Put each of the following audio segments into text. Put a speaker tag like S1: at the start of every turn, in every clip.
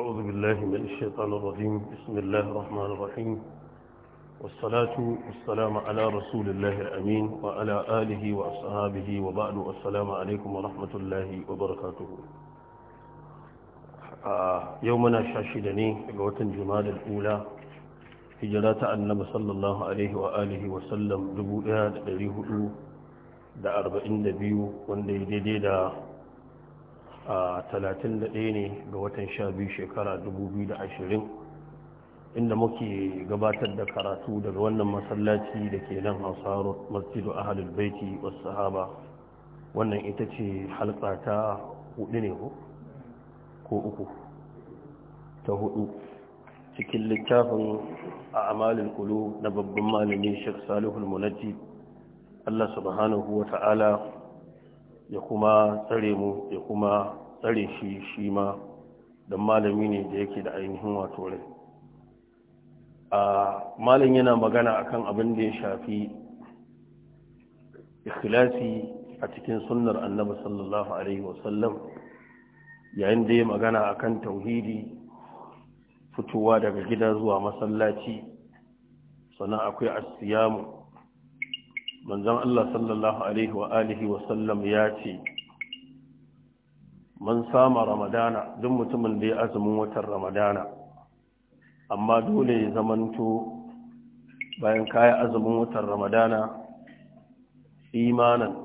S1: أعوذ بالله من الشيطان الرجيم بسم الله الرحمن الرحيم والصلاة والسلام على رسول الله الأمين وعلى آله وأصحابه وبعد السلام عليكم ورحمة الله وبركاته يومنا شاشدني قوة جمال الأولى هجرات النبي صلى الله عليه وآله وسلم دبوئها دريه da arba'in da biyu wanda ya daidai da a 31 ne ga watan sha biyu shekara 2020 inda muke gabatar da karatu daga wannan masallaci da ke nan hausarot masjidu ahalul baiti wasu sahaba wannan ita ce halka ta hudu ne ko uku ta hudu cikin littafin a amalin kulu na babban malami shek salihul munaji Allah subhanahu wa ta'ala ya kuma tsare mu ya kuma tsare shi shi ma don malami ne da yake da ainihin wato rai a malam yana magana akan abin da ya shafi ikhlasi a cikin sunnar annabi sallallahu alaihi wasallam yayin da ya magana akan tauhidi fitowa daga gida zuwa masallaci sannan akwai asiyamu manzan Allah sallallahu alaihi wa alihi wasallam ya ce man sama ramadana duk mutumin da ya azumin watan ramadana amma dole ya zamanto bayan kaya azumin watan ramadana imanan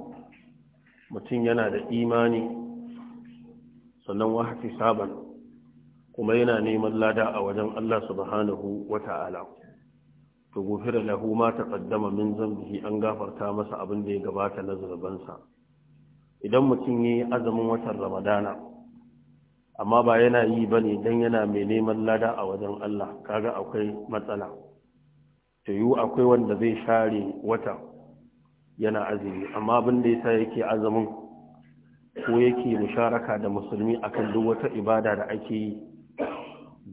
S1: mutum yana da imani sannan wahati saban kuma yana neman lada a wajen Allah subhanahu wa ta'ala to gofira lahu ma taqaddama min zambihi an gafarta masa abin da ya gabata na zurbansa idan mutum yi azumin watan ramadana amma ba yana yi ba ne don yana mai neman lada a wajen Allah kaga akwai matsala ta yiwu akwai wanda zai share wata yana azumi amma abin da yasa yake azumin ko yake musharaka da musulmi akan duk wata ibada da ake yi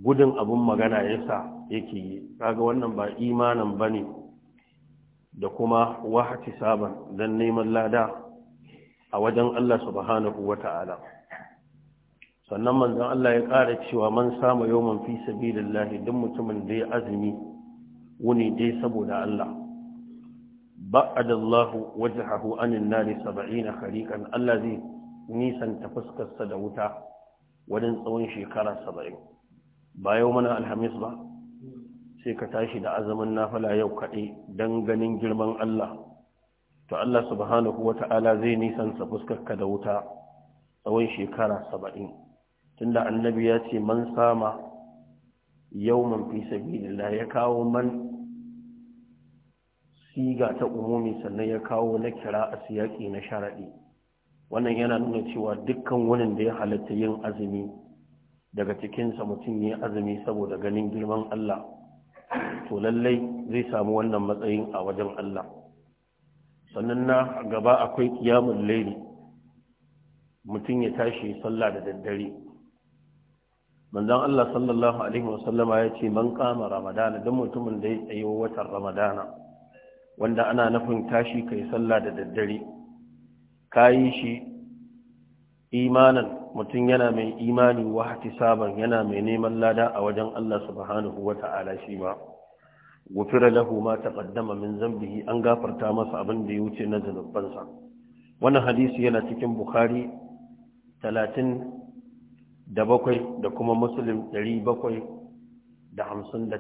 S1: gudun abin magana yasa yake yi kaga wannan ba imanin ba ne. da kuma wahati saban don neman lada a wajen Allah subhanahu wa ta'ala sannan manzon Allah ya ƙara cewa man samu yawman fi sabilillahi don mutumin da ya azumi wuni dai saboda Allah ba'adallahu wajhahu anin nari 70 khariqan Allah zai nisan ta fuskarsa da wuta wajen tsawon shekara saba'in. ba yau mana alhamis ba sai ka tashi da azumin nafala yau kaɗai don ganin girman Allah to Allah subhanahu wa ta'ala zai nisan nisansa fuskarka da wuta tsawon shekara saba'in tunda annabi ya ce man sama yawman fi sabilillah ya kawo man siga ta umumi sannan ya kawo na kira a siyaki na sharaɗi wannan yana nuna cewa dukkan wani da ya halatta yin azumi daga cikinsa mutum ya azumi saboda ganin girman Allah to lallai zai samu wannan matsayin a wajen Allah sannan na gaba akwai kiyamun laili mutum ya tashi sallah da daddare manzon Allah sallallahu alaihi wasallama ya ce man kama ramadana don mutumin da ya tsaye watan ramadana wanda ana nufin tashi kai sallah da daddare kayi shi imanan mutum yana mai imani wa hatisaban yana mai neman lada a wajen Allah subhanahu wata'ala shi ma gufira lahu ma taqaddama min zambihi an gafarta masa abin da ya wuce na sa. wannan hadisi yana cikin bukhari 37 da kuma muslim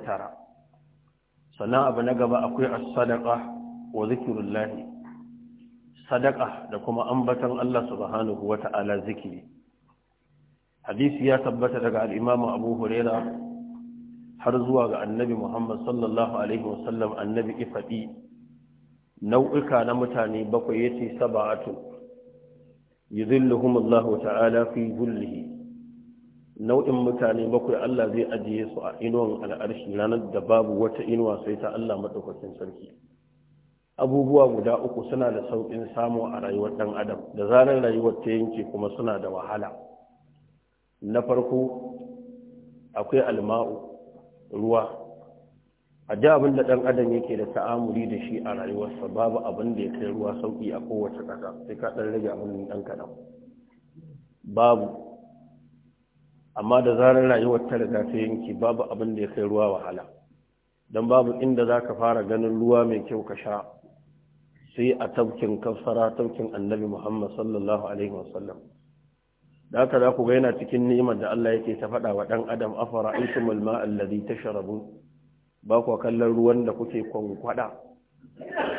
S1: tara sannan abu na gaba akwai a sadaka wa zikrullah sadaka da kuma ambatan Allah subhanahu wata'ala zikiri hadisi ya tabbata daga al'imamin abu hurairah har zuwa ga annabi Muhammad sallallahu Alaihi wasallam annabi ifaɗi nau'uka na mutane bakwai ya ce saba'atu yi ta'ala fi zullihi nau'in mutane bakwai Allah zai ajiye su a inuwan al'arshi ranar da babu wata inuwa sai ta Allah maɗaukacin sarki abubuwa guda uku suna da sauƙin samu a rayuwar ɗan adam da zarar rayuwar ta yanke kuma suna da wahala na farko akwai alma'u ruwa a ji abin da ɗan adam yake da ta'amuri da shi a rayuwarsa babu abin da ya kai ruwa sauƙi a kowace ƙasa sai ka ɗan rage abin ɗan kaɗan babu amma da zarar rayuwar ta riga ta yanki babu abin da ya kai ruwa wahala don babu inda za ka fara ganin ruwa mai kyau ka sha sai a tafkin kafsara tafkin annabi muhammad sallallahu alaihi wasallam da haka za ku ga yana cikin ni'imar da Allah yake ta faɗa wa ɗan adam afara aitumul ma allazi tashrabu ba ku kallon ruwan da kuke kwankwada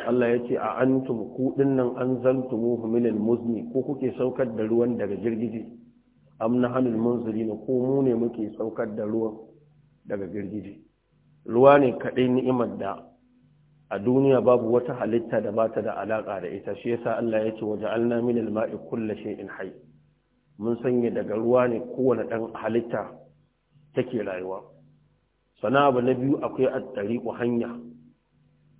S1: Allah ya ce a antum ku nan an zaltumuhu minal muzni ko kuke saukar da ruwan daga girgije hannun nahanul ne ko mu ne muke saukar da ruwan daga girgije ruwa ne kaɗai ni'imar da a duniya babu wata halitta da bata da alaƙa da ita shi yasa Allah ya ce waje alna min alma'i kulli shay'in hayy mun sanya daga ruwa ne kowane ɗan halitta take rayuwa sana abu na biyu akwai a ku hanya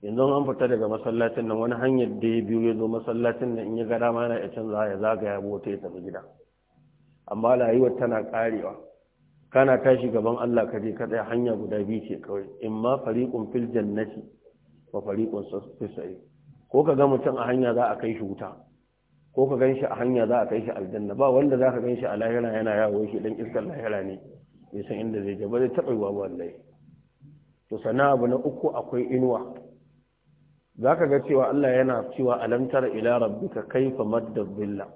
S1: yanzu an fita daga masallacin nan wani hanyar da ya biyu ya zo masallacin nan in ya ga dama yana ya canza ya zagaya bota ya tafi gida amma rayuwar tana ƙarewa kana tashi gaban Allah ka je ka tsaya hanya guda biyu ce kawai in ma fariqun fil jannati wa fariqun fis ko ka ga mutum a hanya za a kai shi wuta ko ka gan shi a hanya za a kai shi aljanna ba wanda za ka gan shi a lahira yana yawo shi dan iskar lahira ne bai san inda zai je ba zai taɓa yiwa wallahi to sana abu na uku akwai inuwa za ka ga cewa Allah yana cewa alamtar ila rabbika kaifa madda billa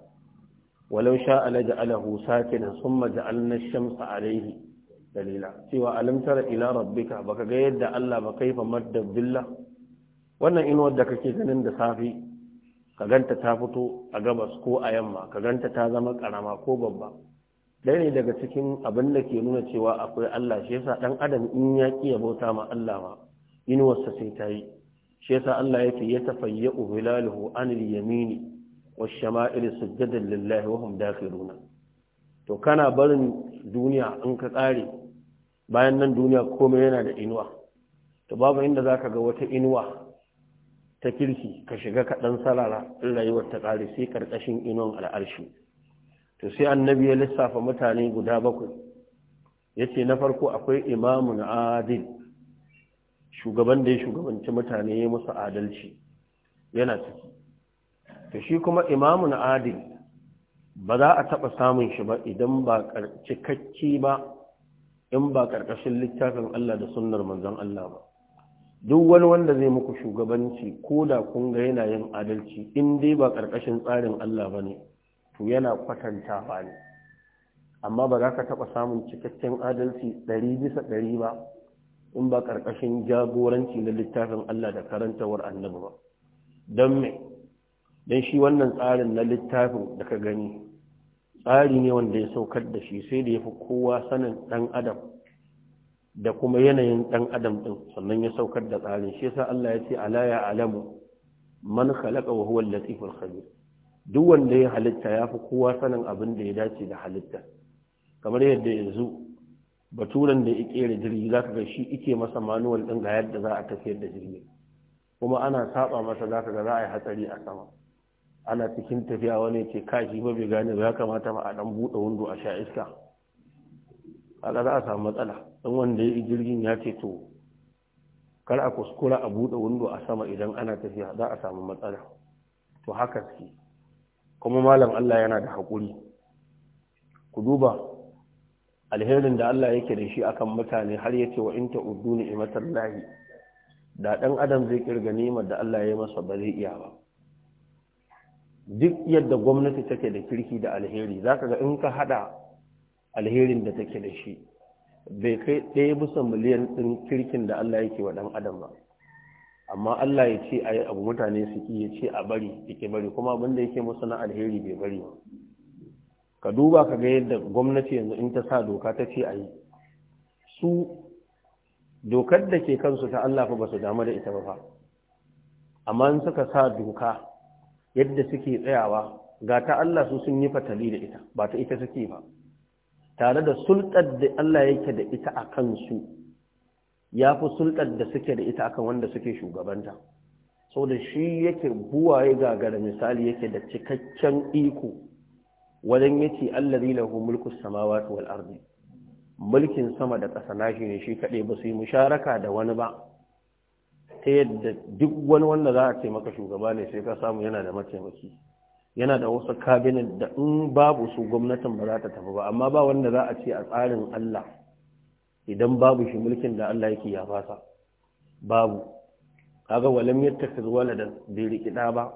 S1: walau sha ala ja'alahu sakinan summa ja'alna ash-shamsa alaihi dalila cewa alamtar ila rabbika baka ga yadda Allah ba kaifa madda billa wannan inuwar da kake ganin da safe. ka ganta ta fito a gabas ko a yamma ka ganta ta zama karama ko babba ɗaya ne daga cikin abin da ke nuna cewa akwai Allah shi yasa dan adam in ya ki ya bauta ma Allah ma inuwarsa sai ta yi shi yasa Allah ya ce ya tafayya uhilaluhu anil yamini wa shama'il sujjadan lillahi wa hum dakhiruna to kana barin duniya in ka tsare bayan nan duniya komai yana da inuwa to babu inda zaka ga wata inuwa ta kirki ka shiga kaɗan sarara in rayuwar ta ƙare sai ƙarƙashin inon al'arshi to sai annabi ya lissafa mutane guda bakwai ya ce na farko akwai na adil shugaban da ya shugabanci mutane ya musu adalci yana ciki to shi kuma na adil ba za a taɓa samun shi ba idan ba cikakki ba in ba ƙarƙashin littafin Allah da sunnar manzon Allah ba duk wani wanda zai muku shugabanci ko da kun ga yana yin adalci in dai ba ƙarƙashin tsarin Allah ba ne to yana kwatanta ba ne amma ba za ka taɓa samun cikakken adalci ɗari bisa ɗari ba in ba ƙarƙashin jagoranci na littafin Allah da karantawar annabi ba don me don shi wannan tsarin na littafin da ka gani tsari ne wanda ya saukar da shi sai da ya fi kowa sanin ɗan adam da kuma yanayin ɗan adam ɗin sannan ya saukar da tsarin shi yasa Allah ya ce ala ya alamu man khalaqa wa huwa al-latiful khabir duk wanda ya halitta ya fi kowa sanin abin da ya dace da halitta kamar yadda yanzu baturan da ya kera jirgi zaka ga shi ike masa manuwal ɗin ga yadda za a tafiyar da jirgi kuma ana saba masa zaka ga za a yi hatsari a sama ana cikin tafiya wani ce kashi ba bai gane ba ya kamata ma a dan buɗe windo a sha iska kaga za a samu matsala don wanda ya yi jirgin ya ce to kar a kuskura a buɗe wando a sama idan ana tafiya za a samu matsala to haka suke kuma malam Allah yana da haƙuri ku duba alherin da Allah yake da shi akan mutane har ya ce wa in ta uddu ni'imatar lahi da ɗan adam zai kirga nema da Allah ya yi masa ba zai iya ba duk yadda gwamnati take da kirki da alheri zaka ga in ka haɗa. alherin da take da shi bai kai ɗaya bisa miliyan ɗin kirkin da Allah yake wa ɗan adam ba amma Allah ya ce a yi abu mutane su ki ce a bari yake bari kuma abin da yake musu na alheri bai bari ba ka duba ka ga yadda gwamnati yanzu in ta sa doka ta ce a yi su dokar da ke kansu ta Allah fa ba su damu da ita ba fa amma in suka sa doka yadda suke tsayawa ga ta Allah su sun yi fatali da ita ba ta ita suke ba tare da sulɗar da Allah yake da ita a kansu ya fi sulɗar da suke da ita akan wanda suke shugabanta sau da shi yake buwaye gagara misali yake da cikakken iko wajen yace allazi lahu mulkus samawa wal ardi mulkin sama da ƙasa nashi ne shi kaɗai ba su yi musharaka da wani ba ta yadda duk wani wanda za a taimaka shugaba ne sai ka samu yana da mataimaki yana da wasu kabinet da in babu su gwamnatin ba za ta tafi ba amma ba wanda za a ce a tsarin Allah idan babu shi mulkin da Allah yake ya fasa babu kaga walam yattakhiz waladan bai riki da ba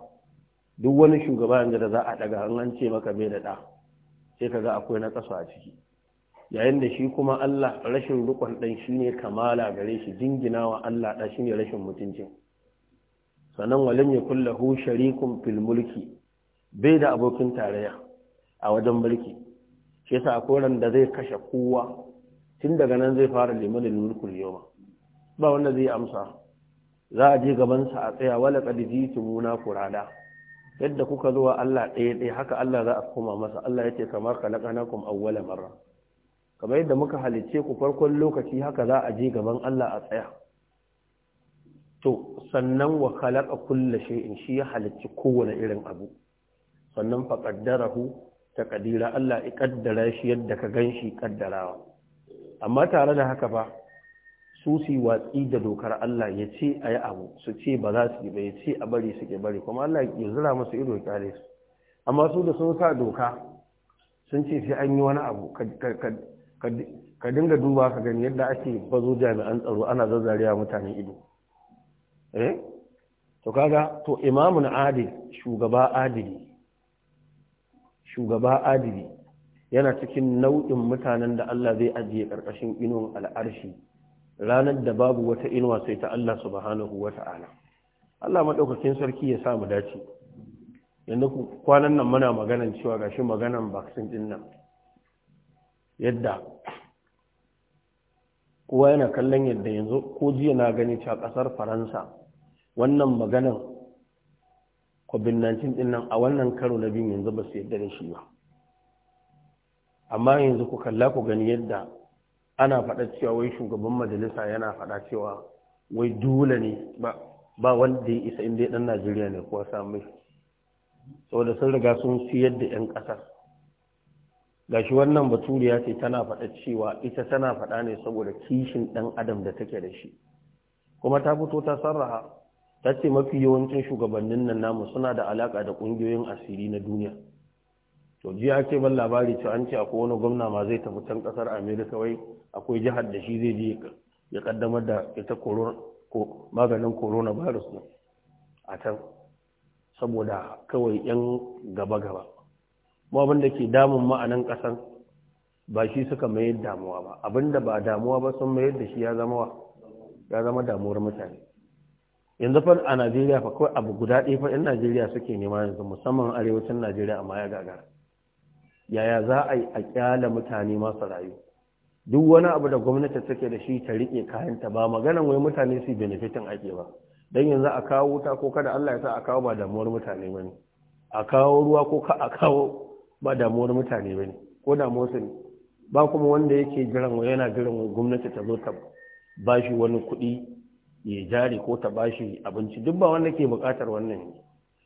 S1: duk wani shugaba yanzu da za a daga an an ce maka bai da da sai kaga akwai na kasu a ciki yayin da shi kuma Allah rashin rukun dan shine kamala gare shi jinginawa Allah da shine rashin mutuncin sanan walam yakullahu lahu sharikun fil mulki bai da abokin tarayya a wajen mulki shi yasa akwai da zai kashe kowa tun daga nan zai fara limanin mulkul yoma ba wanda zai amsa za a je gabansa a tsaya wala kadiji tumuna qurada yadda kuka zuwa Allah ɗaya ɗaya haka Allah za a koma masa Allah yace kamar khalaqanakum awwala marra kamar yadda muka halicce ku farkon lokaci haka za a je gaban Allah a tsaya to sannan wa khalaqa shi in shi ya halicci kowane irin abu sannan fa ta kadira. Allah ya kaddara shi yadda ka ganshi kaddarawa amma tare da haka ba, su su watsi da dokar Allah ya ce ayi abu su ce ba za su yi ba ya ce a bari su ke bari kuma Allah ya zura musu ido ya kare su amma su da sun sa doka sun ce sai an yi wani abu ka dinga duba ka gani yadda ake bazo jami'an tsaro ana zazzarewa mutane ido eh to kaga to imamun adil shugaba adili shugaba adili yana cikin nau'in mutanen da Allah zai ajiye ƙarƙashin inuwan al'arshi ranar da babu wata inuwa sai ta Allah subhanahu wa ta'ala Allah maɗaukakin sarki ya mu dace yanzu kwanan nan muna maganan cewa gashi maganan vaccine din nan yadda kowa yana kallon yadda yanzu ko jiya na gani cewa ƙasar faransa wannan maganar. covid-19 din a wannan karo na biyu yanzu ba su yadda da shi ba amma yanzu ku kalla ku gani yadda ana faɗa cewa wai shugaban majalisa yana faɗa cewa wai dole ne ba wanda ya isa inda ya ɗan najeriya ne kuwa samu saboda sun riga sun siyar da 'yan ƙasar gashi wannan baturiya ce tana faɗa cewa ita tana faɗa ne saboda kishin ɗan adam da take da shi kuma ta fito ta sarraha ta ce mafi yawancin shugabannin nan namu suna da alaka da kungiyoyin asiri na duniya to jiya ce ban labari ce an ce akwai wani gwamna ma zai tafi can kasar america wai akwai jihar da shi zai je ya kaddamar da ita maganin coronavirus ne a can saboda kawai 'yan gaba-gaba mu abin da ke damun nan ƙasan ba shi suka mayar damuwa ba abinda ba damuwa ba sun mayar da shi ya zama damuwar mutane yanzu fa a najeriya fa kawai abu guda ɗaya fa 'yan najeriya suke nema yanzu musamman arewacin najeriya amma ya gagara yaya za a yi a kyala mutane masu rayu duk wani abu da gwamnati take da shi ta riƙe kayanta ba maganan wai mutane su benefitin ake ba dan yanzu a kawo wuta ko kada allah ya sa a kawo ba damuwar mutane ba a kawo ruwa ko ka a kawo ba damuwar mutane ba ko damuwar su ne ba kuma wanda yake jiran wai yana jiran gwamnati ta zo ta ba wani kuɗi ya jari ko ta bashi abinci duk ba wanda ke bukatar wannan ne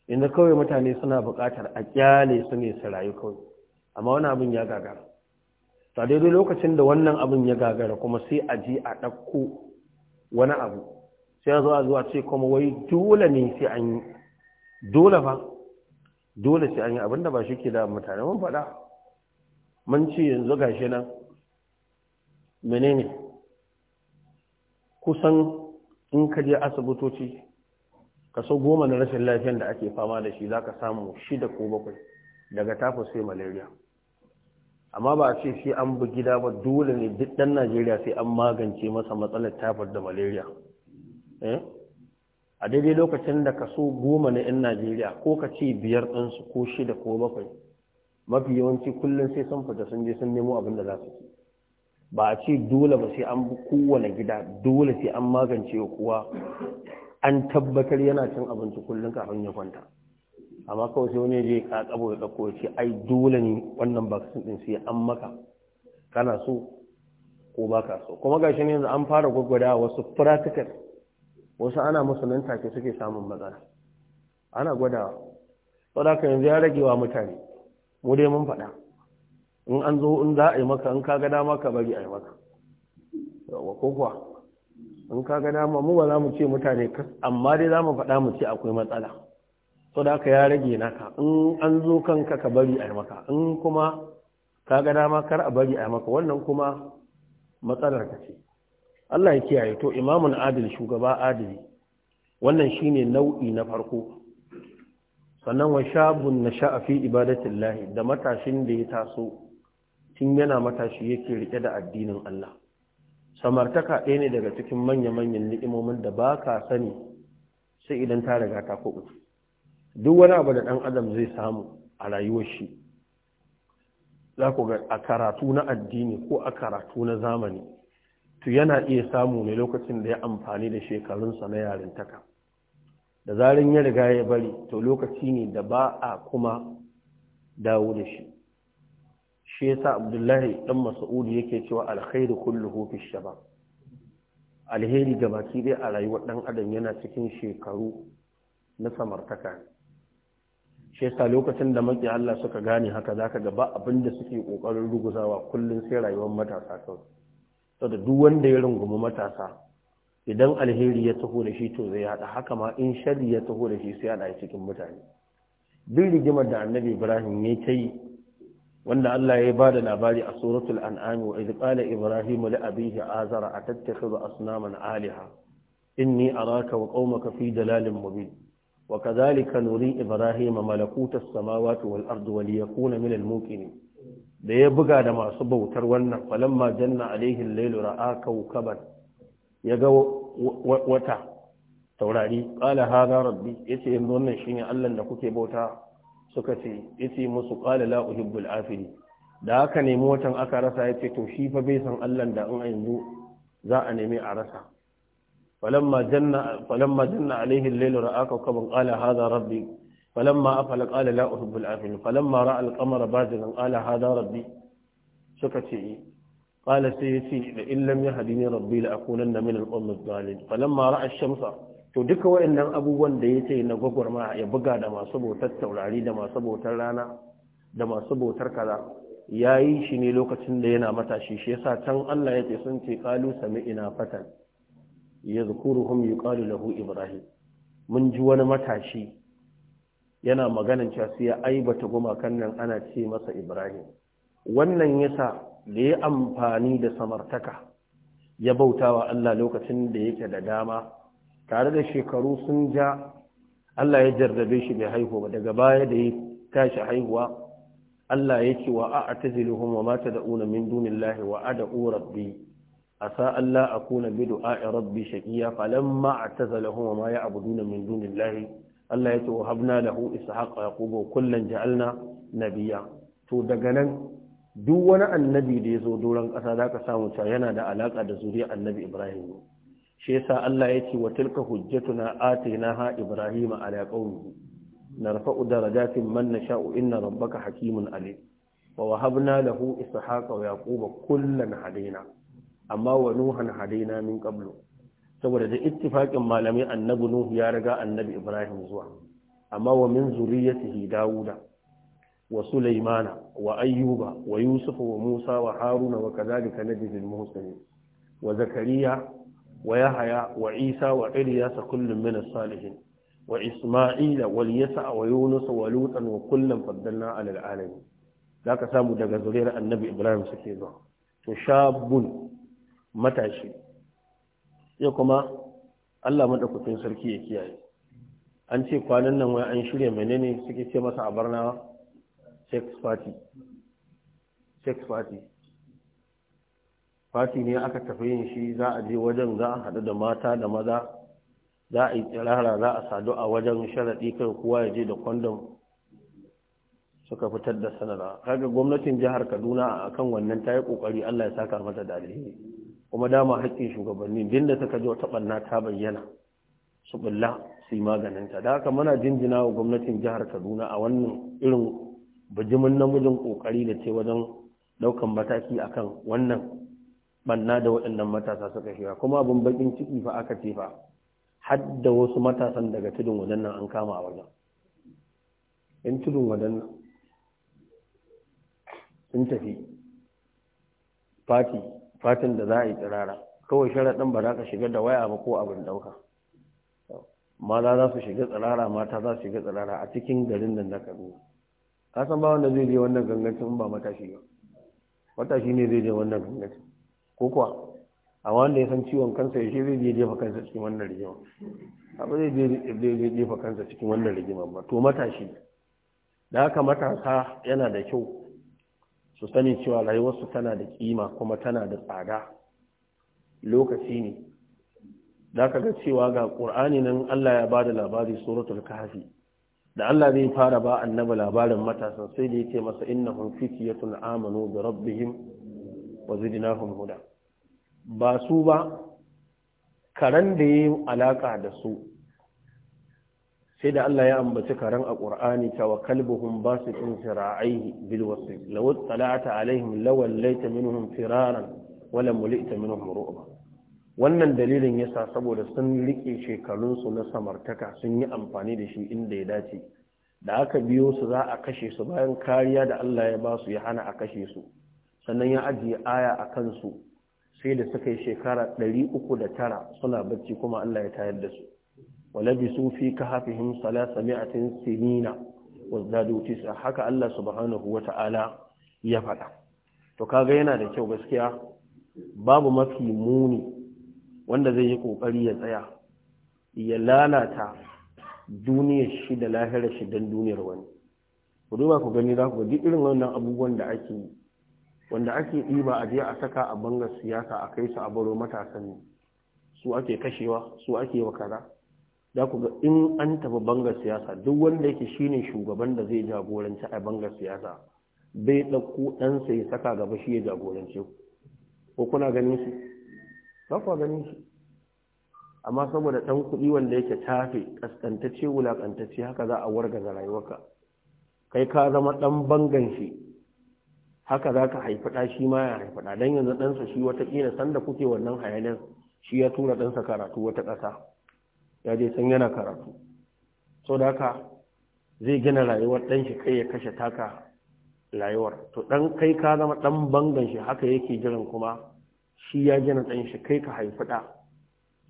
S1: inda kawai mutane suna bukatar a kyale su ne su rayu kawai amma wani abin ya gagara ta daidai lokacin da wannan abin ya gagara kuma sai a je a ɗauko wani abu sai a zo a zuwa ce kuma wai dole ne sai an yi dole ba dole sai an yi abinda ba shi ke da mutane mun faɗa mun ce yanzu gashi nan menene kusan in ka je asibitoci ka kaso goma na rashin lafiyan da ake fama da shi za ka samu shida ko bakwai daga tafi sai malaria amma ba a ce sai an bi gida ba dole ne duk dan najeriya sai an magance masa matsalar tafar da malaria eh? a daidai lokacin da kaso goma na 'yan najeriya ko ka ce biyar ɗansu ko shida ko bakwai mafi yawanci kullum sai sun fita sun je sun nemo abin da za su ci ba a ce dole ba sai an kowane gida dole sai an magance kuwa an tabbatar yana cin abinci kullum kafin ya kwanta amma kawai sai wani je ka kabo ya dauko ce ai dole ne wannan vaccine din sai an maka kana so ko ba ka so kuma gashi ne yanzu an fara gwagwada wasu practical wasu ana musu nan take suke samun matsala ana gwadawa saboda yanzu ya rage wa mutane mu dai mun faɗa in an zo in za a yi maka in ka ga dama ka bari a yi maka yawa ko kuwa in ka ga dama mu ba za mu ce mutane amma dai za mu faɗa mu ce akwai matsala so da ka ya rage naka in an zo kanka ka bari a yi maka in kuma ka ga dama kar a bari a yi maka wannan kuma matsalar ka ce Allah ya kiyaye to imamun adil shugaba adili wannan shine nau'i na farko sannan wa shabun na sha'afi ibadatillahi da matashin da ya taso tun yana matashi yake rike da addinin Allah samartaka ɗaya ne daga cikin manya-manyan ni'imomin da ba ka sani sai idan ta riga ta kuɓu duk wani abu da ɗan adam zai samu a rayuwar shi za ku ga a karatu na addini ko a karatu na zamani to yana iya samu ne lokacin da ya amfani da shekarunsa na yarintaka da zarin ya riga ya bari to lokaci ne da ba a kuma dawo da shi shi yasa abdullahi dan mas'ud yake cewa alkhairu kulluhu fi shabab alheri baki dai a rayuwar ɗan adam yana cikin shekaru na samartaka shi yasa lokacin da maki Allah suka gane haka zaka ga ba abin da suke kokarin ruguzawa kullum sai rayuwar matasa so da duk wanda ya rungumi matasa idan alheri ya taho da shi to zai hada haka ma in shari ya taho da shi sai hada cikin mutane bin rigimar da annabi Ibrahim ya ta yi wanda Allah ya bada labari a suratul an'ami wa idh qala ibrahim li abihi azara atattakhidhu asnaman alaha inni araka wa qaumaka fi dalalin mubin wa kadhalika nuri ibrahim malakuta as-samawati wal ardi wa liyakuna min al-muqinin da ya buga da masu bautar wannan falamma janna alaihi al-lailu ra'a kawkaban ya ga wata taurari ƙala hada rabbi ya ce yanzu wannan shine allan da kuke bauta suka ce yace musu qala la uhibbul afili da aka nemi watan aka rasa yace to shi fa bai san Allah da in yanzu za a nemi a rasa falamma janna falamma janna alaihi al-layl ra'a kawkaban qala hadha rabbi falamma afala qala la uhibbul afili falamma ra'a al-qamara bazigan qala hadha rabbi suka ce قال سيتي لئن لم يهدني ربي لأكونن من القوم الضالين فلما رأى الشمس to duka waɗannan abubuwan da ya ce na gwagwarma ya buga da masu bautar taurari da masu bautar rana da masu bautar kaza ya yi shi ne lokacin da yana matashi shi yasa can Allah ya ce sun ce kalu sami ina fatan ya zukuruhum yuqalu lahu ibrahim mun ji wani matashi yana maganan cewa sai ya aibata gumakan nan ana ce masa ibrahim wannan yasa da ya amfani da samartaka ya bautawa Allah lokacin da yake da dama tare da shekaru sun ja
S2: Allah ya jarrabe shi bai haihu ba daga baya da ya
S1: tashi haihuwa Allah ya ce wa a ataziluhum wa ma tad'una min dunillahi wa ad'u rabbi asa alla akuna bi du'a'i rabbi shaqiya falamma atazalahum wa ma ya'buduna min dunillahi Allah ya ce wa habna lahu ishaqa yaquba kullan ja'alna nabiya to daga nan duk wani annabi da ya zo doron ƙasa zaka samu cewa yana da alaka da zuriyar annabi Ibrahim shi yasa Allah ya ce wa tilka hujjatuna atainaha ibrahima ala qaumihi narfa'u darajatin man nasha'u inna rabbaka hakimun alim wa wahabna lahu ishaqa wa yaquba kullan hadaina amma wa nuhan hadaina min qablu saboda da ittifaqin malamai annabi nuhu ya riga annabi ibrahim zuwa amma wa min zuriyatihi dauda wa sulaimana wa ayyuba wa yusufa wa musa wa haruna wa kadhalika najzil muhsinin wa zakariya wa yahaya wa isa wa ilyasa kullum min as-salihin wa isma'ila wal yasa wa yunus wa lutan wa kullum faddalna ala alamin zaka samu daga zuriyar annabi ibrahim suke zuwa to shabun matashi ya kuma Allah madaukakin sarki ya kiyaye an ce kwanan nan wai an shirya menene suke ce masa a barna sex party fati ne aka tafi yin shi za a je wajen za a haɗu da mata da maza za a yi tsirara za a sadu a wajen sharaɗi kan kowa ya je da kwandon suka fitar da sanarwa kaga gwamnatin jihar kaduna a kan wannan ta yi ƙoƙari allah ya saka mata da kuma dama haƙƙin shugabanni din da suka ji wata ɓanna ta bayyana su ɓulla su yi maganinta da haka muna jinjina wa gwamnatin jihar kaduna a wannan irin bijimin namijin ƙoƙari da ce wajen ɗaukan mataki akan wannan banna da waɗannan matasa suka shiga kuma abin bakin ciki fa aka ce fa har da wasu matasan daga tudun wadannan an kama a wajen In tudun wadannan sun tafi fati fatin da za a yi tsirara kawai sharaɗin ba za ka shiga da waya ba ko abin ɗauka maza za su shiga tsirara mata za su shiga tsirara a cikin garin nan na kaduna ka san ba wanda zai je wannan gangancin ba matashi ba matashi ne zai je wannan gangancin ko kuwa a wanda ya san ciwon kansa ya zai je jefa kansa cikin wannan rigima abu zai je jefa kansa cikin wannan rigima ba to matashi da haka matasa yana da kyau su sani cewa rayuwarsu tana da kima kuma tana da tsada lokaci ne da haka ga cewa ga ƙur'ani nan Allah ya ba da labari suratul kahfi da Allah zai fara ba annabi labarin matasan sai da ya ce masa innahum fitiyatun amanu bi rabbihim wa huda ba su ba karan da yi alaka da su sai da Allah ya ambaci karan a Qur'ani ta wa kalbuhum basitun sira'aihi bil wasl law tala'ata alaihim law laita minhum firaran wala mulita minhum ru'ba wannan dalilin yasa saboda sun rike shekarunsu na samartaka sun yi amfani da shi inda ya dace da aka biyo su za a kashe su bayan kariya da Allah ya ba su ya hana a kashe su sannan ya ajiye aya a kansu sai da suka yi shekara ɗari uku da tara suna bacci kuma Allah ya tayar da su walabi su fi ka hafihim salasa mi'atin sinina wazdadu tisa haka Allah subhanahu wata'ala ya faɗa to kaga yana da kyau gaskiya babu mafi muni wanda zai yi kokari ya tsaya ya lalata duniyar shi da lahirar shi don duniyar wani ku duba ku gani za ku ga duk irin wannan abubuwan da ake yi wanda ake ɗiba a je a saka a bangar siyasa a kai su a baro matasan su ake kashewa su ake wa kaza da ku ga in an tafi bangar siyasa duk wanda yake shine shugaban da zai jagoranci a bangar siyasa bai ɗauko ɗansa ya saka gaba shi ya jagorance ku ko kuna ganin shi ba ku ganin shi amma saboda ɗan kuɗi wanda yake tafe kaskantacce wulakantacce haka za a wargaza rayuwarka kai ka zama ɗan bangan shi haka za ka haifi ɗa shi ma ya haifi ɗa don yanzu ɗansa shi watakila sanda kuke wannan hayanin shi ya tura ɗansa karatu wata ƙasa ya je san yana karatu so da haka zai gina rayuwar ɗan shi kai ya kashe taka rayuwar to ɗan kai ka zama ɗan bangan shi haka yake jiran kuma shi ya gina ɗan shi kai ka haifi ɗa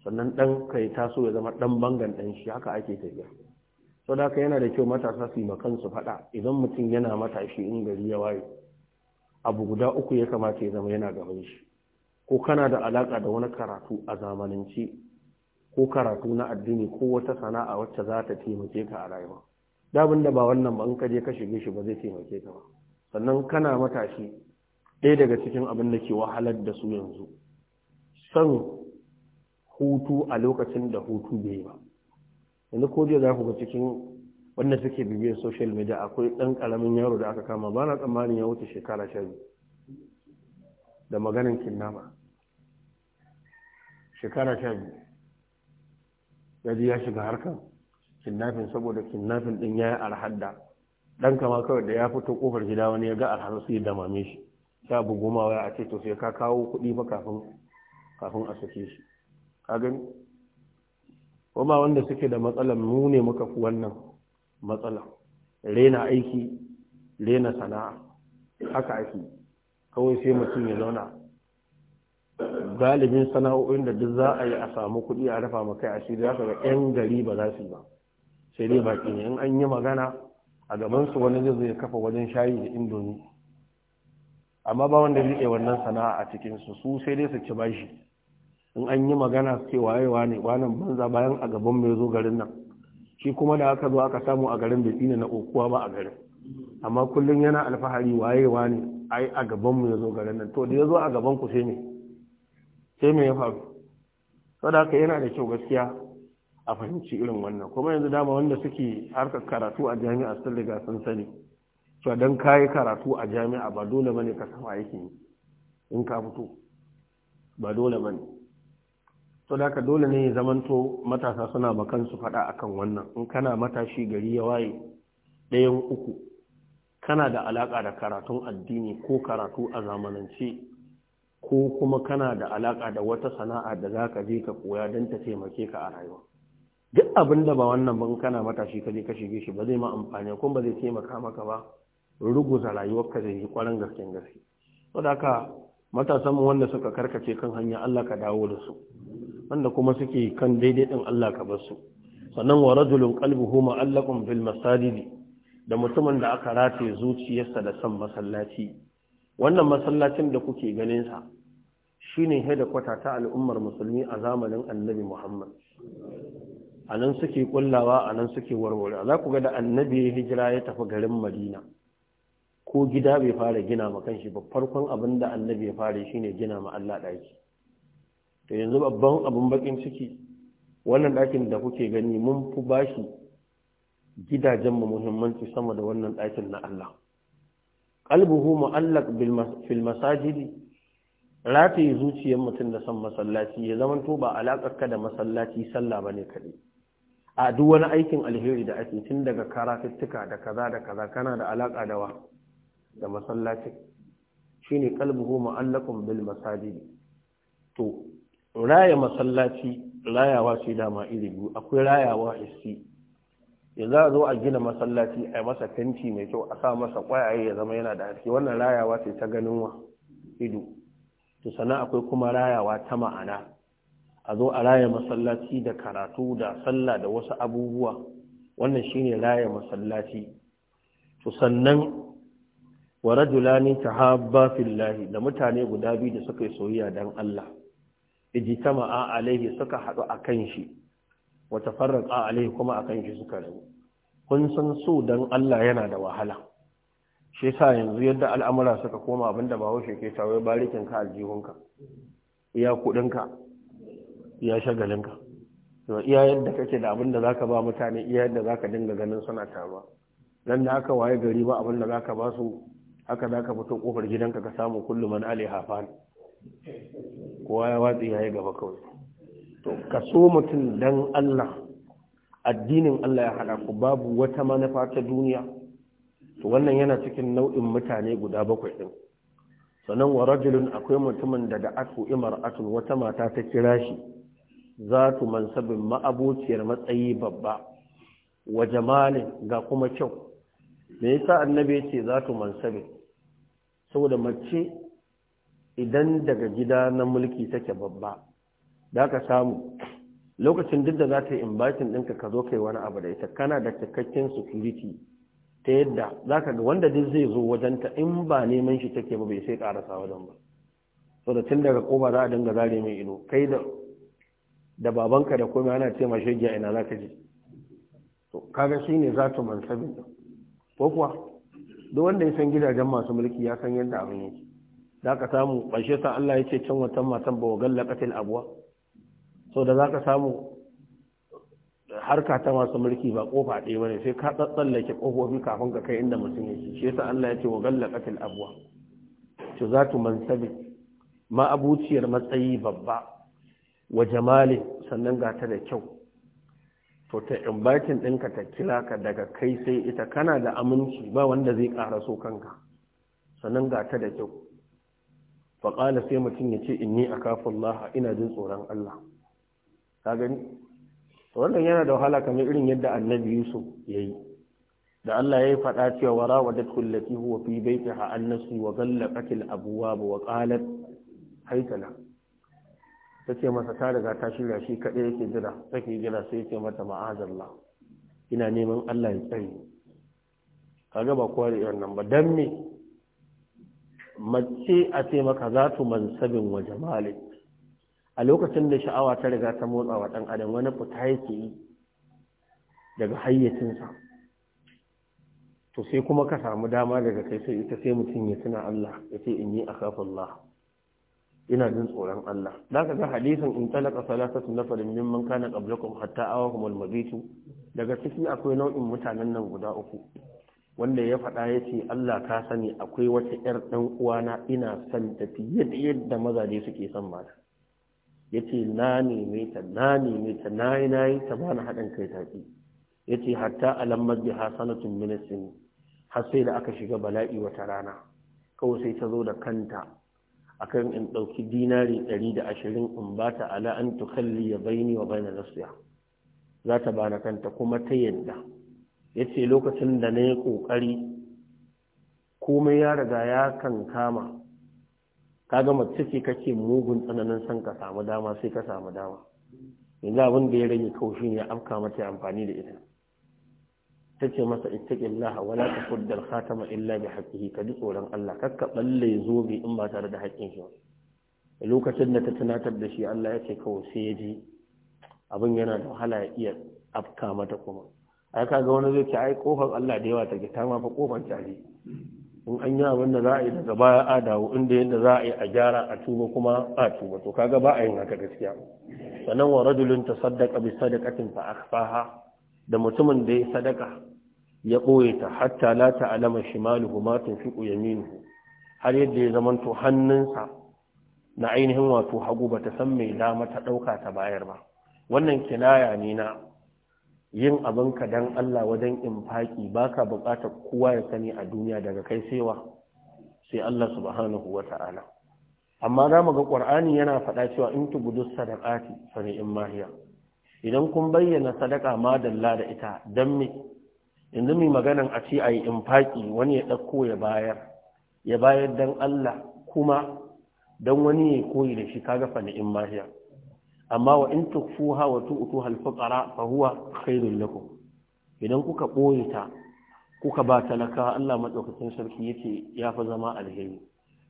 S1: sannan ɗan ka yi taso ya zama ɗan bangan ɗan shi haka ake tafiya so da haka yana da kyau matasa su yi ma kansu faɗa idan mutum yana matashi in gari ya waye abu guda uku ya kamata ya zama yana gaban shi ko kana da alaka da wani karatu a zamanance ko karatu na addini ko wata sana'a wacce za ta taimake ka a rayuwa dabin da ba wannan ba in ka je ka shige shi ba zai taimake ka ba sannan kana matashi ɗaya daga cikin abin da ke wahalar da su yanzu son hutu a lokacin da hutu bai ba yanzu ko jiya za ku ga cikin wanda suke bibiyar social media akwai ɗan ƙaramin yaro da aka kama ba na tsammanin ya wuce shekara sha da maganin kinnama shekara sha ya ji ya shiga harkar kinnafin saboda kinnafin ɗin ya yi alhadda ɗan kama kawai da ya fito kofar gida wani ya ga alhar su yi damame shi sha bugu goma waya a ce to ka kawo kuɗi fa kafin a sake shi ka gani kuma wanda suke da matsalar mu ne muka fi wannan matsala rena aiki rena sana'a haka ake kawai sai mutum ya zauna galibin sana'o'in da duk za a yi a samu kuɗi a rafa maka asiri za ka ga 'yan gari ba za su yi ba sai dai baki ne in an yi magana a gaban su wani zai zai kafa wajen shayi da indomi amma ba wanda zai wannan sana'a a cikinsu su sai dai su ci bashi in an yi magana su ce wayewa ne wannan banza bayan a gaban mai zo garin nan shi kuma da aka zo aka samu a garin bai tsina na okuwa ba a garin amma kullum yana alfahari wayewa ne ai a gabanmu ya zo garin nan to da ya zo a gaban ku sai me sai me ya faru saboda haka yana da kyau gaskiya a fahimci irin wannan kuma yanzu dama wanda suke harkar karatu a jami'a sun riga sun sani to dan kayi karatu a jami'a ba dole bane ka samu aikin in ka fito ba dole bane to da ka dole ne zamanto matasa suna makan su faɗa akan wannan in kana matashi gari ya waye ɗayan uku kana da alaƙa da karatun addini ko karatu a zamanance ko kuma kana da alaƙa da wata sana'a da za ka je ka koya don ta taimake ka a rayuwa duk abin da ba wannan ban kana matashi ka je ka shige shi ba zai ma amfani kuma ba zai taimaka maka ba ruguza rayuwarka zai yi ƙwarin gasken gaske saboda haka matasanmu wanda suka karkace kan hanya Allah ka dawo da su wanda kuma suke kan daidai din Allah ka bar su sannan wa rajulun qalbuhu ma'allaqun bil masajidi da mutumin da aka rataye zuciyarsa da san masallaci wannan masallacin da kuke ganin sa shine hedakwata ta al'ummar musulmi a zamanin annabi Muhammad a nan suke kullawa a suke warware za ku ga da annabi ya hijira ya tafi garin Madina ko gida bai fara gina ma kanshi ba farkon abin da annabi ya fara shine gina ma Allah daki to yanzu babban abin bakin ciki wannan ɗakin da kuke gani mun fi bashi mu muhimmanci sama da wannan ɗakin na Allah qalbuhu mu'allaq fil masajidi rataye zuciyar mutum da san masallaci ya zama to ba alakar ka da masallaci sallah bane kaɗai. a duk wani aikin alheri da ake tun daga karatuttuka da kaza da kaza kana da alaƙa da wa da masallaci shine qalbuhu mu'allaqun bil masajidi. to raya masallaci rayawa ce dama iri biyu akwai rayawa isi ya za a zo a gina masallaci a masa fenti mai kyau a sa masa kwayaye ya zama yana da haske wannan rayawa sai ta ganin wa ido to sannan akwai kuma rayawa ta ma'ana a zo a raya masallaci da karatu da sallah da wasu abubuwa wannan shine raya masallaci to sannan wa rajulani tahabba fillahi da mutane guda biyu da suka yi soyayya dan Allah ijtama'a alaihi suka haɗu akan shi wa tafarraqa alaihi kuma akan shi suka rabu kun san so dan Allah yana da wahala shi sa yanzu yadda al'amura suka koma abinda ba haushe ke tawaye barikin ka aljihunka iya kudinka iya shagalinka to iya yadda kake da abinda zaka ba mutane iya yadda zaka dinga ganin suna taruwa dan da haka waye gari ba abinda zaka ba su haka zaka fito kofar gidanka ka samu kullu man alaiha fa'al kowa ya watsi ya yi gaba kawai to ka so mutum don Allah addinin Allah ya haɗa ku babu wata manufa ta duniya to wannan yana cikin nau'in mutane guda bakwai ɗin sannan wa rajulun akwai mutumin da da aku imar'atun wata mata ta kira shi za tu mansabin ma'abociyar matsayi babba wa jamali ga kuma kyau me yasa annabi ya ce za tu mansabin saboda mace idan daga gida na mulki take babba da ka samu lokacin duk da za ta yi inviting ɗinka ka zo kai wani abu da ita kana da cikakken security ta yadda za ka ga wanda duk zai zo wajenta in ba neman shi take ba bai sai karasa wajen ba so da tun daga koma za a dinga zare mai ido kai da da babanka da komai ana ce ma shege ina za ka je to kaga shi ne za ta mansabin ko kuwa duk wanda ya san gidajen masu mulki ya san yadda abin yake za ka samu ƙarshe sa Allah ya ce can watan matan ba wa gallakatil abuwa so da za ka samu harka ta masu mulki ba kofa ɗaya ba ne sai ka tsallake ƙofofi kafin ka kai inda mutum yake shi yasa Allah ya ce wa gallaqatil abwa to za tu ma abuciyar matsayi babba wa jamali sannan ga ta da kyau to ta inviting ɗinka ta kira ka daga kai sai ita kana da aminci ba wanda zai ƙara so kanka sannan ga ta da kyau faƙala sai mutum ya ce yi a kafin laha ina jin tsoron Allah ka gani wannan yana da wahala kamar irin yadda annabi yusuf ya yi da Allah ya yi faɗa cewa wara wa datkul lati huwa fi baitiha annasi wa ghallaqat al ba wa qalat Ta tace masa ta riga ta shirya shi kaɗai yake jira take jira sai ce mata ma'azallah ina neman Allah ya tsare kaga ba kowa da irin nan ba dan me mace a ce maka za tu mansabin wa jamali a lokacin da sha'awa ta riga ta motsa wa ɗan adam wani fita yake yi daga hayyacinsa to sai kuma ka samu dama daga kai sai ita sai mutum ya tuna Allah ya ce in yi a Allah ina jin tsoron Allah za ka ga hadisin in talaka salatatu nafarin mimman kana qablakum hatta awahum mabitu daga ciki akwai nau'in mutanen nan guda uku wanda ya faɗa ya ce Allah ka sani akwai wata ‘yar ɗan uwana ina son ta fiye da yadda mazaje suke son mata ya ce na neme ta na neme ta na yi na yi ta bani haɗin kai ta ƙi ya ce hatta alamar biha sanatun ministin har sai da aka shiga bala'i wata rana kawai sai ta zo da kanta akan in ɗauki dinari ɗari da ashirin in ba ta ala an tukalli ya baini wa baina nasiya za ta bana kanta kuma ta yadda ya ce lokacin da na yi ƙoƙari komai ya riga ya kan kama ka gama ciki kake mugun tsananin san ka samu dama sai ka samu dama yanzu abin da ya rage kaushi ne ya afka mata amfani da ita ta ce masa laha wala ta fuddar khatama illa bi haqqihi ka ji tsoron Allah kakka balle zobe in ba tare da haƙƙin shi ba lokacin da ta tunatar da shi Allah ya ce kawai sai ya ji abin yana da wahala ya iya afka mata kuma ai kaga wani zai ce ai kofar Allah da yawa ta ta ma fa kofar tare in an yi abin da za a yi daga baya a dawo inda yadda za a yi a gyara a tuba kuma a tuba to kaga ba a yin haka gaskiya sannan wa rajulun tasaddaqa bi sadaqatin fa akhfaha da mutumin da ya sadaka ya ɓoye ta hatta la ta'lama shimaluhu ma tunfiqu yaminuhu har yadda ya to hannunsa na ainihin wato hagu ba ta san mai dama ta ɗauka ta bayar ba wannan kinaya ne na yin abin ka dan Allah wajen infaki baka buƙatar kowa ya sani a duniya daga kai saiwa? sai Allah subhanahu wa ta'ala amma za mu ga ƙwar'ani yana faɗa cewa in gudu sadaqati sani in mahiya idan kun bayyana sadaka ma dalla da ita dan me yanzu mai maganan a ce a yi infaki wani ya ɗauko ya bayar ya bayar dan Allah kuma don wani ya koyi da shi kaga sani in mahiya amma wa in tukfuha wa tu'tuha al-fuqara fa huwa khairul lakum idan kuka boye ta kuka ba talaka Allah madaukakin sarki yace ya zama alheri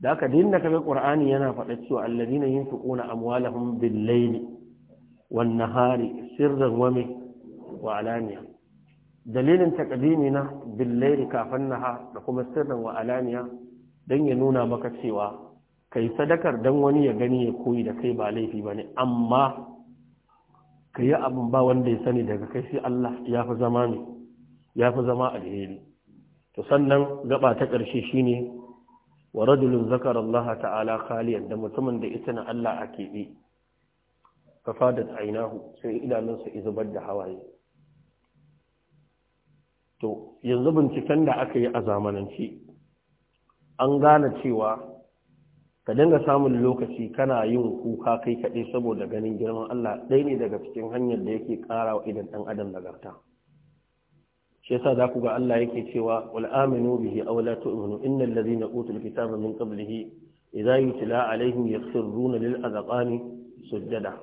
S1: da haka din da kaga qur'ani yana faɗa cewa alladhina yunfiquna amwalahum bil-layli wan-nahari sirran wa wa alaniya dalilin taqdimi na bil-layli kafin nahar da kuma sirran wa alaniya dan ya nuna maka cewa kai sadakar don wani ya gani ya koyi da kai ba laifi ba ne amma ka yi abin ba wanda ya sani daga kai sai Allah ya fi zama ne ya fi zama alheri to sannan gaba ta ƙarshe shine wa radulun zakar Allah ta'ala khaliyan da mutumin da ita na Allah a keɓe fa fadat ainahu sai idanunsa ya zubar da hawaye to yanzu binciken da aka yi a zamanance an gane cewa
S2: ka dinga samun lokaci kana yin kuka kai kaɗai saboda
S1: ganin girman Allah ɗaya ne daga cikin hanyar da yake ƙara wa idan ɗan adam nagarta shi yasa za ku ga Allah yake cewa wal aminu bihi aw la tu'minu innal ladhina utul kitaba min qablihi idza yutla alaihim yakhirruna lil azqani sujada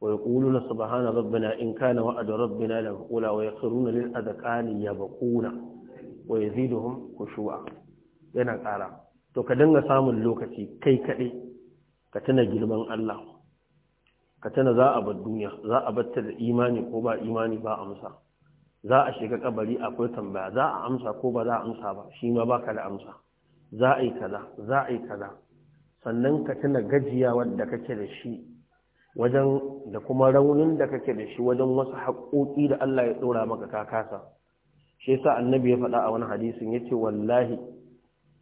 S1: wa yaquluna subhana rabbina in kana wa'du rabbina la qula wa yakhruna lil azqani yabquna wa yaziduhum khushu'a yana ƙara to ka dinga samun lokaci kai kaɗai ka tuna girman Allah ka tuna za a bar duniya za a batta da imani ko ba imani ba amsa za a shiga kabari akwai tambaya za a amsa ko ba za a amsa ba shi ma baka da amsa za a yi kaza za a yi kaza sannan ka tuna gajiya da kake da shi wajen da kuma raunin da kake da shi wajen wasu haƙoƙi da Allah ya ɗora maka ka shi yasa annabi ya faɗa a wani hadisin yace wallahi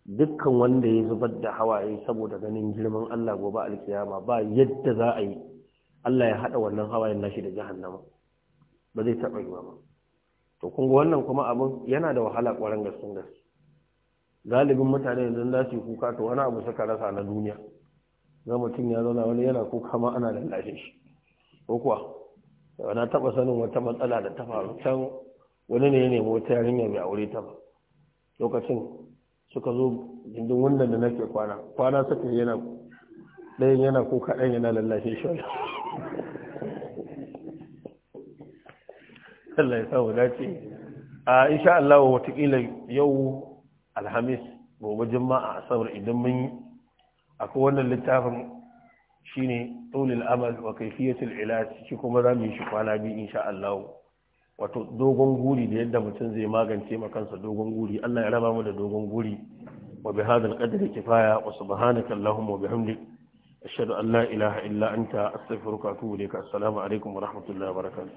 S1: dukkan wanda ya zubar da hawaye saboda ganin girman Allah gobe alkiyama ba yadda za a yi Allah ya haɗa wannan hawayen nashi da jahannama ba zai taɓa yi ba to kun wannan kuma abin yana da wahala ƙwarar gaskun gaske galibin mutane yanzu za su kuka to wani abu suka rasa na duniya Za mutum ya zauna wani yana kuka ma ana lallashe shi ko kuwa na taɓa sanin wata matsala da ta faru can wani ne ya nemi wata yarinya mai aure ta ba lokacin suka zo gindin wannan da nake kwana kwana suka yana ɗayan yana ko kaɗan yana lallashe shi Allah ya samu dace a insha Allah watakila yau alhamis gobe juma'a asabar idan mun akwai wannan littafin shine tulil amal wa kayfiyatul ilaj shi kuma za mu yi shi kwana biyu insha Allah wato dogon guri da yadda mutum zai magance makansa dogon guri Allah ya raba mu da dogon guri wa bi hadal qadri kifaya wa subhanaka allahumma wa bihamdik ashhadu an la ilaha illa anta astaghfiruka wa atubu ilaik assalamu alaikum wa rahmatullahi wa barakatuh